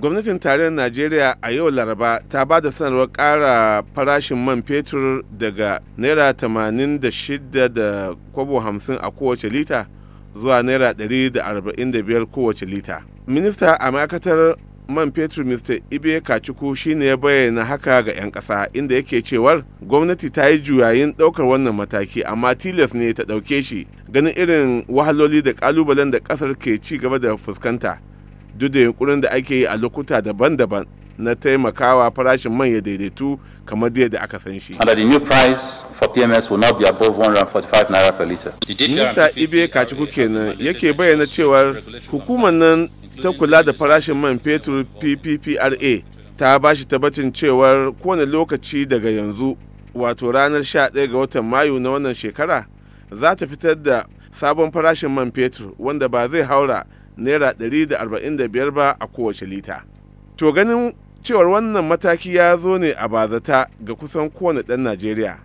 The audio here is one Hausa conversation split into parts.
gwamnatin tarayyar najeriya a yau laraba ta ba da sanarwar ƙara farashin man fetur daga naira 86 da kwabo 50 a kowace lita zuwa naira 145 kowace lita minista a ma'aikatar man fetur mr ibe kacuku shine ya bayyana haka ga 'yan ƙasa inda yake cewar gwamnati ta yi juyayin ɗaukar wannan mataki amma tilas ne ta ɗauke shi ganin irin wahaloli da ƙalubalen da ƙasar ke ci gaba da fuskanta duk da yunkurin da ake yi a lokuta daban-daban na taimakawa farashin man ya daidaitu kamar da aka san shi. Under the new price for PMS will not be above 145 naira per liter. Minista Ibe Kachiku kenan yake bayyana cewar hukumar nan ta kula da farashin man fetur PPPRA ta ba shi tabbacin cewar kowane lokaci daga yanzu wato ranar sha ɗaya ga watan Mayu na wannan shekara za ta fitar da sabon farashin man fetur wanda ba zai haura naira 145 ba a kowace lita to ganin cewar wannan mataki ya zo ne a bazata ga kusan kowane ɗan najeriya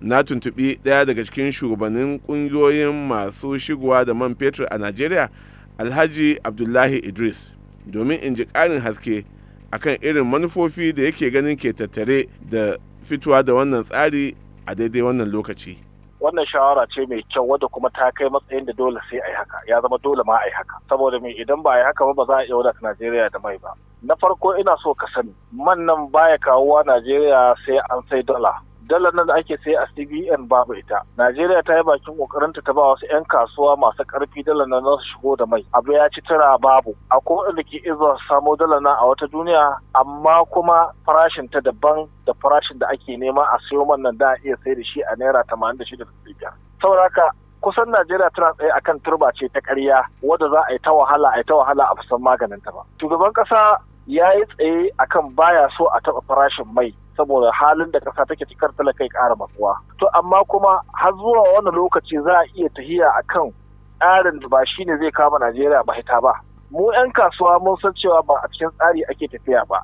na tuntuɓi ɗaya daga cikin shugabannin ƙungiyoyin masu shigowa da man fetur a najeriya alhaji abdullahi idris domin in ji ƙarin haske a kan irin manufofi da yake ganin ke tattare da fitowa da wannan tsari a daidai wannan lokaci wannan shawara ce mai kyau wadda kuma ta kai matsayin da dole sai a yi haka ya zama dole ma a yi haka saboda mai idan ba a yi haka ba ba za a iya wadata najeriya da mai ba na farko ina so ka sani man nan baya kawowa najeriya sai an sai dala dalar nan da ake sai a CBN babu ita. Najeriya ta yi bakin kokarinta ta ba wasu 'yan kasuwa masu karfi dalar nan su shigo da mai. Abu ya ci tara babu. Akwai waɗanda ke izuwa samo dalar nan a wata duniya amma kuma farashin ta daban da farashin da ake nema a siyo man nan da iya sai da shi a naira tamanin da Saboda haka kusan Najeriya tana tsaye akan turba ce ta ƙarya wadda za a yi ta wahala a yi ta wahala a fusan maganin ta ba. Shugaban ƙasa ya yi tsaye akan baya so a taɓa farashin mai saboda halin da ƙasa take cikar talakai ƙara matsuwa. To amma kuma har zuwa wani lokaci za a iya tahiya a kan tsarin da ba shi ne zai kama Najeriya ba hita ba. Mu 'yan kasuwa mun san cewa ba a cikin tsari ake tafiya ba.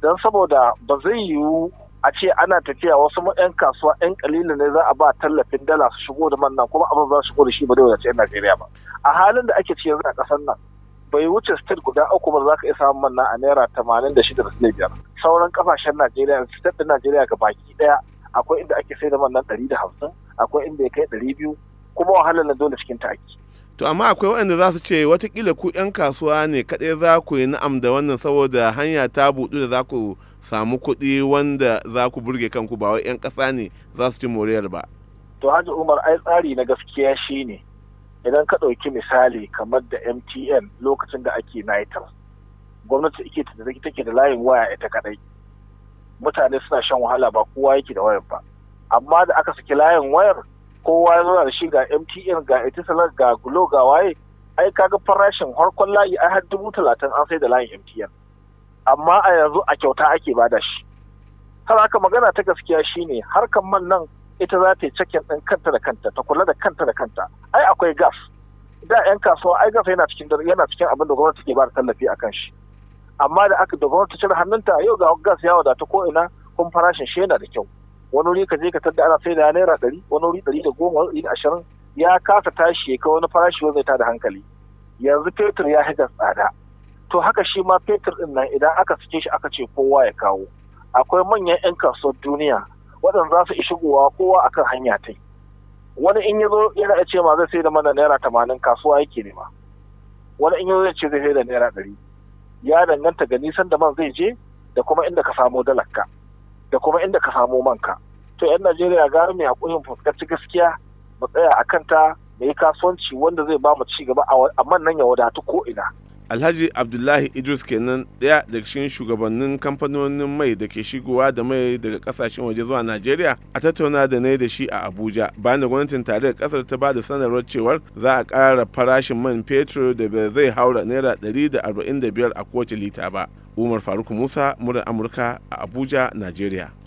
Don saboda ba zai yiwu a ce ana tafiya wasu 'yan kasuwa 'yan kalilan ne za a ba tallafin dala su shigo da man nan kuma abin za su shigo da shi ba zai wadace 'yan Najeriya ba. A halin da ake cikin a ƙasar nan bai wuce state guda uku ba za ka iya samun manna a naira tamanin da shida da sile biyar sauran kasashen najeriya state najeriya ga baki ɗaya akwai inda ake sai da mannan ɗari da hamsin akwai inda ya kai ɗari biyu kuma wahala na dole cikin ake. to amma akwai waɗanda za su ce watakila ku 'yan kasuwa ne kaɗai za ku yi na'am da wannan saboda hanya ta buɗu da za ku samu kuɗi wanda za ku burge kanku ba wai 'yan ƙasa ne za su ci moriyar ba. to haji umar ai tsari na gaskiya shi ne idan ka ɗauki misali kamar da mtn lokacin da ake nitel gwamnati ike take da layin waya ita kadai mutane suna shan wahala ba kowa yake da wayar ba amma da aka saki layin wayar kowa ya zauna da shi ga mtn ga etisalat ga gulo ga waye ai kaga farashin harkon layi ai har dubu talatin an sai da layin mtn amma a yanzu a kyauta ake bada shi har aka magana ta gaskiya shine harkan man nan ita za ta yi cakin ɗin kanta da kanta ta kula da kanta da kanta ai akwai gas da yan kasuwa ai gas yana cikin yana cikin abin da gwamnati ke ba tallafi a kan shi amma da aka da gwamnati cire hannunta yau ga gas ya wadata ko ina kuma farashin shi yana da kyau wani wuri ka je ka tadda ana sai da naira ɗari wani wuri ɗari da goma wani da ashirin ya kasa tashi ya kai wani farashi wanda ta da hankali yanzu fetur ya gas tsada to haka shi ma fetur ɗin nan idan aka sike shi aka ce kowa ya kawo akwai manyan 'yan kasuwar duniya waɗanda za su yi shigowa kowa akan hanya ta yi. wani in ya zo yana da ce ma zai sai da mana naira tamanin kasuwa yake nema wani in ya zo ya ce zai sai da naira ɗari ya danganta ga nisan da man zai je da kuma inda ka samo dalarka da kuma inda ka samo manka to yan najeriya gara mai haƙurin fuskanci gaskiya mu tsaya a kanta mai kasuwanci wanda zai ba mu ci gaba a man nan ya wadatu ko ina alhaji abdullahi idris kenan daya daga cikin shugabannin kamfanonin mai da ke shigowa da mai daga kasashen waje zuwa najeriya a tattauna da na da shi a abuja bayan da gwamnatin tarayyar kasar ta ba da sanarwar cewar za a ƙara farashin man fetur da ba zai haura naira ɗari da da arba'in biyar a kowace lita ba umar faruk musa murar amurka a abuja najeriya